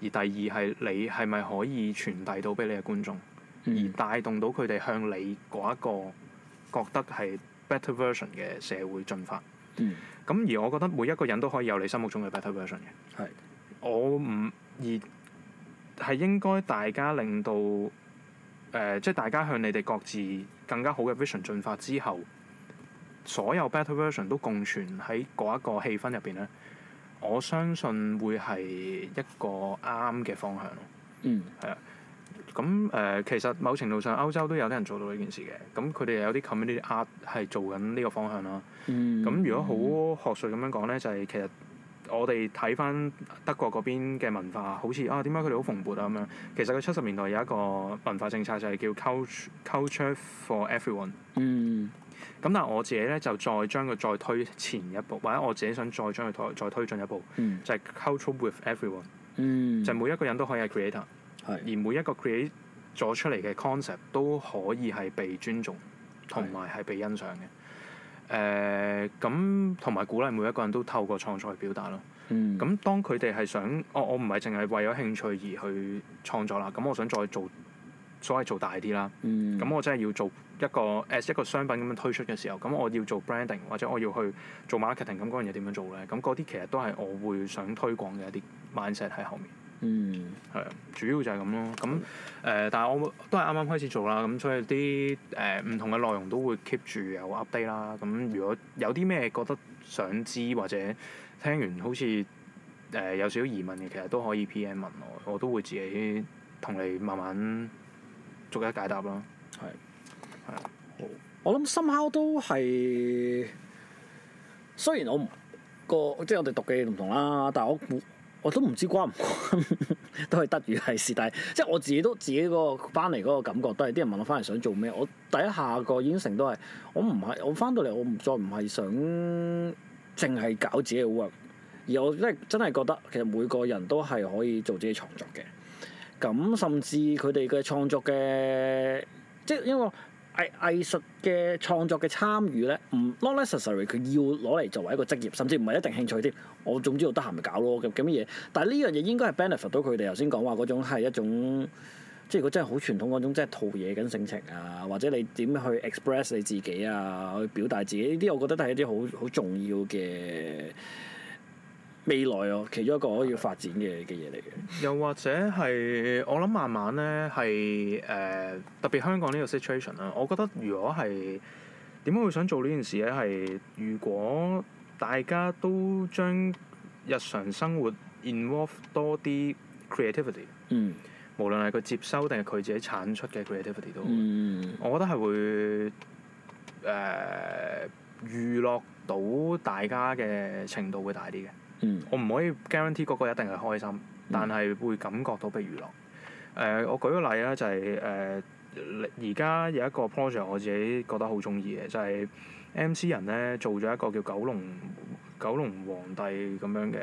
C: 而第二係你係咪可以傳遞到俾你嘅觀眾，嗯。而帶動到佢哋向你嗰一個覺得係 better version 嘅社會進發？嗯。咁而我覺得每一個人都可以有你心目中嘅 better version 嘅。係是。我唔而。係應該大家令到誒、呃，即係大家向你哋各自更加好嘅 version 進發之後，所有 better version 都共存喺嗰一個氣氛入邊咧，我相信會係一個啱嘅方向。嗯，係啊。咁、呃、誒，其實某程度上歐洲都有啲人做到呢件事嘅。咁佢哋有啲 community art 係做緊呢個方向啦。咁、嗯、如果好學術咁樣講咧，就係、是、其實。我哋睇翻德國嗰邊嘅文化，好似啊點解佢哋好蓬勃啊咁樣？其實佢七十年代有一個文化政策就係叫 culture culture for everyone。嗯。咁但係我自己咧就再將佢再推前一步，或者我自己想再將佢再推進一步，嗯。就係 culture with everyone。嗯。就每一個人都可以係 creator，是而每一個 create 咗出嚟嘅 concept 都可以係被尊重，同埋係被欣賞嘅。誒咁同埋鼓勵每一個人都透過創作去表達咯。咁、嗯、當佢哋係想，哦、我我唔係淨係為咗興趣而去創作啦。咁我想再做，所謂做大啲啦。咁、嗯、我真係要做一個 as 一個商品咁樣推出嘅時候，咁我要做 branding 或者我要去做 marketing，咁嗰樣嘢點樣做咧？咁嗰啲其實都係我會想推廣嘅一啲 mindset 喺後面。嗯，係啊，主要就係咁咯。咁誒、呃，但係我都係啱啱開始做啦。咁所以啲誒唔同嘅內容都會 keep 住有 update 啦。咁如果有啲咩覺得想知或者聽完好似誒、呃、有少少疑問嘅，其實都可以 PM 問我，我都會自己同你慢慢逐一解答咯。係是，係，好。我諗
B: somehow 都係，雖然我唔個即係我哋讀嘅嘢唔同啦，但係我冇。 我都唔知關唔關，都係得遇係事。但係即係我自己都自己、嗰個翻嚟嗰個感覺都，都係啲人問我翻嚟想做咩，我第一下個演成都係我唔係我翻到嚟我唔再唔係想淨係搞自己嘅 work，而我真係真係覺得其實每個人都係可以做自己創作嘅。咁甚至佢哋嘅創作嘅，即係因為。藝藝術嘅創作嘅參與咧，唔 not necessary，佢要攞嚟作為一個職業，甚至唔係一定興趣添。我總之我得閒咪搞咯咁咁嘅嘢。但係呢樣嘢應該係 benefit 到佢哋。頭先講話嗰種係一種，即係如果真係好傳統嗰種，即係陶冶緊性情啊，或者你點去 express 你自己啊，去表達自己呢啲，我覺得都係一啲好好重要嘅。
C: 未來咯，其中一個我要發展嘅嘅嘢嚟嘅。又或者係我諗，慢慢咧係誒特別香港呢個 situation 啦。我覺得如果係點解會想做呢件事咧？係如果大家都將日常生活 involve 多啲 creativity，嗯，無論係佢接收定係佢自己產出嘅 creativity 都，好、嗯。我覺得係會誒、呃、娛樂到大家嘅程度會大啲嘅。嗯、我唔可以 guarantee 嗰個一定係開心，嗯、但係會感覺到被娛樂。誒、呃，我舉個例啦，就係、是、誒，而、呃、家有一個 project，我自己覺得好中意嘅就係、是、MC 人咧做咗一個叫九龍九龍皇帝咁樣嘅，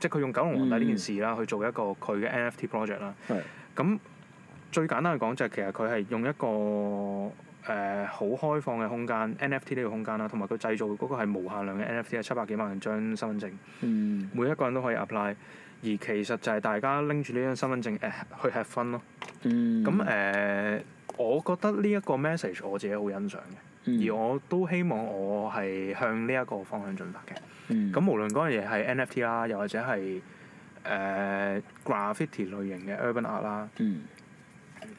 C: 即係佢用九龍皇帝呢件事啦去做一個佢嘅 NFT project 啦。咁、嗯、最簡單嘅講就係其實佢係用一個。誒好、uh, 開放嘅空間，NFT 呢個空間啦，同埋佢製造嗰個係無限量嘅 NFT，係七百幾萬張身份證，嗯、每一個人都可以 apply。而其實就係大家拎住呢張身份證誒去 have fun 咯。咁誒、嗯，uh, 我覺得呢一個 message 我自己好欣賞嘅，嗯、而我都希望我係向呢一個方向進發嘅。咁、嗯、無論嗰樣嘢係 NFT 啦，又或者係誒、uh, graffiti 類型嘅 urban art 啦、嗯。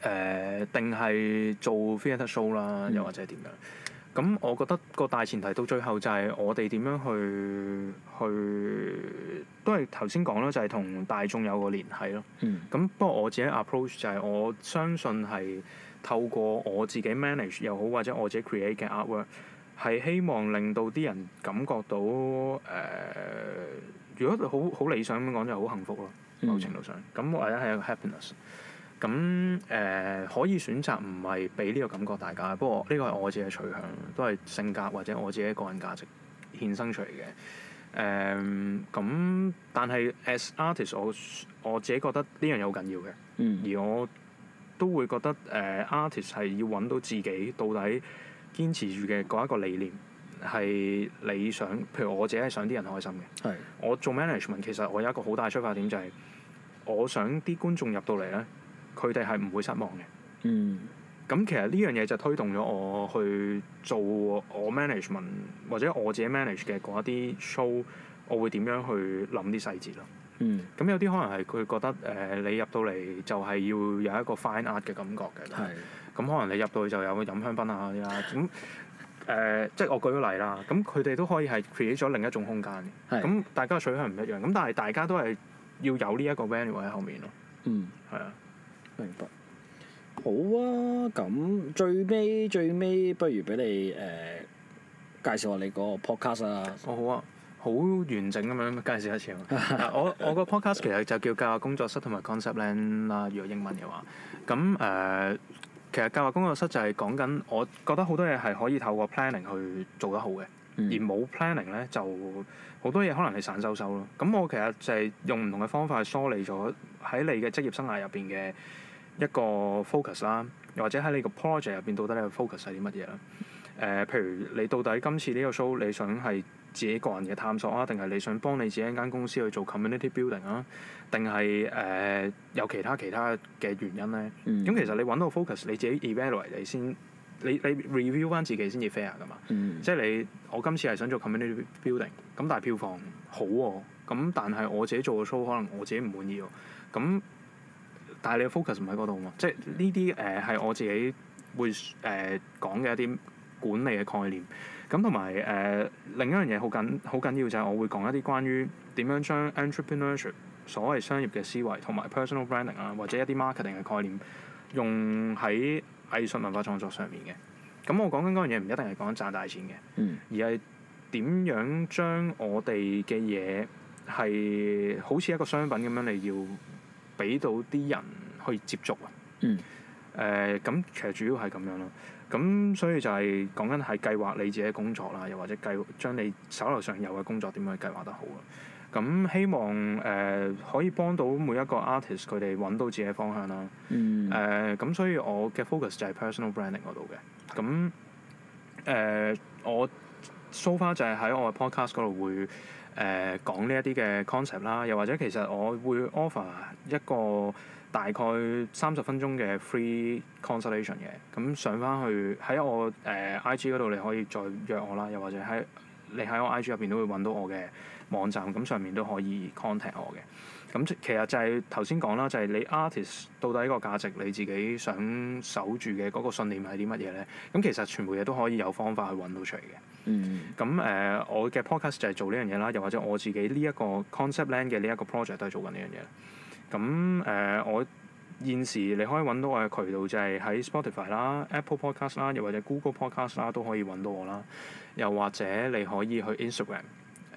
C: 誒、呃，定係做 fashion show 啦，又或者係點樣？咁、嗯、我覺得個大前提到最後就係我哋點樣去去，都係頭先講啦，就係同大眾有個聯繫咯。咁、嗯、不過我自己 approach 就係我相信係透過我自己 manage 又好，或者我自己 create 嘅 artwork，係希望令到啲人感覺到誒、呃，如果好好理想咁講就好幸福咯，嗯、某程度上。咁或者係一個 happiness。咁誒、呃、可以選擇唔係俾呢個感覺大家，不過呢個係我自己嘅取向，都係性格或者我自己個人價值衍生出嚟嘅誒。咁、呃、但係 as artist，我我自己覺得呢樣嘢好緊要嘅。嗯、而我都會覺得誒、呃、artist 係要揾到自己到底堅持住嘅嗰一個理念係你想，譬如我自己係想啲人開心嘅。係是的 我做 management，其實我有一個好大嘅出發點就係、是、我想啲觀眾入到嚟咧。佢哋係唔會失望嘅。嗯，咁其實呢樣嘢就推動咗我去做我 management 或者我自己 manage 嘅嗰一啲 show，我會點樣去諗啲細節咯。咁、嗯、有啲可能係佢覺得誒、呃、你入到嚟就係要有一個 fine art 嘅感覺嘅。係咁是，可能你入到去就有個飲香檳啊啲啦。咁誒、呃，即係我舉個例啦。咁佢哋都可以係 create 咗另一種空間。係咁是，大家嘅取向唔一樣。咁但係大家都係要有呢一個 venue 喺後面咯。嗯，係啊。明白。
B: 好啊，咁最尾最尾，不如俾你誒、呃、
C: 介紹下你個 podcast 啊。哦，好啊，好完整咁樣介紹一次。 我我個 podcast 其實就叫計劃工作室同埋 Conceptland 啦，如果英文嘅話。咁誒、呃，其實計劃工作室就係講緊，我覺得好多嘢係可以透過 planning 去做得好嘅，嗯、而冇 planning 咧，就好多嘢可能係散收收咯。咁我其實就係用唔同嘅方法去梳理咗喺你嘅職業生涯入邊嘅。一個 focus 啦，又或者喺你個 project 入邊到底你 focus 係啲乜嘢啦？誒、呃，譬如你到底今次呢個 show 你想係自己個人嘅探索啊，定係你想幫你自己一間公司去做 community building 啊？定係誒有其他其他嘅原因咧？咁、嗯、其實你揾到個 focus，你自己 evaluate 你先，你你 review 翻自己先至 fair 噶嘛。嗯、即係你我今次係想做 community building，咁但係票房好喎、啊，咁但係我自己做個 show 可能我自己唔滿意喎、啊，咁。但係你嘅 focus 唔喺嗰度啊嘛，即係呢啲，誒係我自己會誒講嘅一啲管理嘅概念咁，同埋誒另一樣嘢好緊好緊要就係我會講一啲關於點樣將 entrepreneurship 所謂商業嘅思維同埋 personal branding 啊，或者一啲 marketing 嘅概念用喺藝術文化創作上面嘅。咁我講緊嗰樣嘢唔一定係講賺大錢嘅，嗯，而係點樣將我哋嘅嘢係好似一個商品咁樣嚟要。俾到啲人可以接觸啊、嗯呃！嗯，咁其實主要係咁樣咯，咁所以就係講緊係計劃你自己嘅工作啦，又或者計將你手頭上有嘅工作點樣去計劃得好啊！咁希望誒、呃、可以幫到每一個 artist 佢哋揾到自己嘅方向啦。嗯、呃，咁所以我嘅 focus 就係 personal branding 嗰度嘅。咁誒、呃、我 so far 就係喺我嘅 podcast 嗰度會。誒、呃、講呢一啲嘅 concept 啦，又或者其實我會 offer 一個大概三十分鐘嘅 free consultation 嘅，咁上返去喺我誒、呃、IG 嗰度你可以再約我啦，又或者喺你喺我 IG 入邊都會揾到我嘅網站，咁上面都可以 contact 我嘅。咁其實就係頭先講啦，就係、是、你 artist 到底個價值，你自己想守住嘅嗰個信念係啲乜嘢咧？咁其實全部嘢都可以有方法去揾到出嚟嘅。咁誒、嗯呃，我嘅 podcast 就係做呢樣嘢啦，又或者我自己呢一個 Conceptland 嘅呢一個 project 都係做緊呢樣嘢。咁誒、呃，我現時你可以揾到我嘅渠道就係喺 Spotify 啦、Apple Podcast 啦，又或者 Google Podcast 啦都可以揾到我啦。又或者你可以去 Instagram。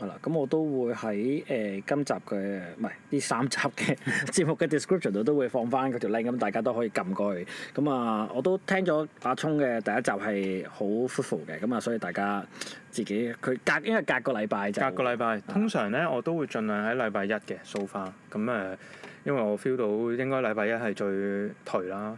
B: 係啦，咁、嗯、我都會喺誒、呃、今集嘅唔係呢三集嘅節目嘅 description 度都會放翻嗰條 link，咁大家都可以撳過去。咁、嗯、啊，我都聽咗阿聰嘅第一集係好 full 嘅，咁啊，所以大家自己佢隔因為隔個禮拜就隔個禮
C: 拜。通常咧我都會盡量喺禮拜一嘅掃翻，咁誒，因為我 feel 到應該禮拜一係最頹啦，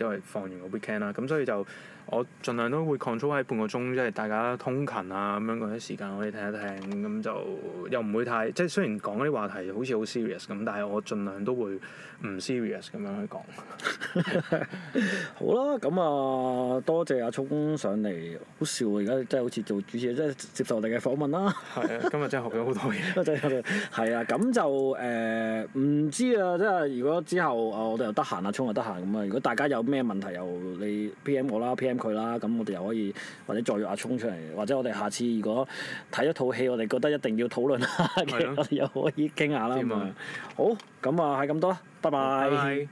C: 因為放完個 weekend 啦，咁所以就。我盡量都會 control 喺半個鐘，即係大家通勤啊咁樣嗰啲時間，我哋聽一聽，咁就又唔會太即係雖然講嗰啲話題好似好 serious 咁，但係我盡量都會唔 serious 咁樣去講。 好啦，咁啊
B: 多謝阿聰上嚟，好笑喎！而家真係好似做主持，即係接受我哋嘅訪問啦。係 啊，今日真係學咗好多嘢。係啊，咁就誒唔、呃、知啊，即係如果之後、啊、我哋又得閒，阿、啊、聰又得閒咁啊，如果大家有咩問題，由你 PM 我啦，PM。佢啦，咁我哋又可以或者再約阿聰出嚟， 或者我哋下次如果睇一套戲，我哋覺得一定要討論下， 咁我哋又可以傾下啦 m、um。好，咁啊係咁多，拜拜。拜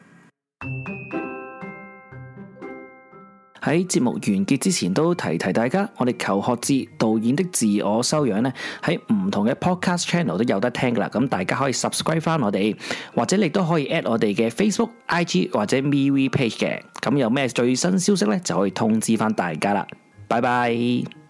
B: 拜。
A: 喺節目完結之前都提提大家，我哋求學誌導演的自我修養咧，喺唔同嘅 podcast channel 都有得聽噶啦。咁大家可以 subscribe 翻我哋，或者你都可以 at 我哋嘅 Facebook、IG 或者 MeWe page 嘅。咁有咩最新消息咧，就可以通知翻大家啦。拜拜。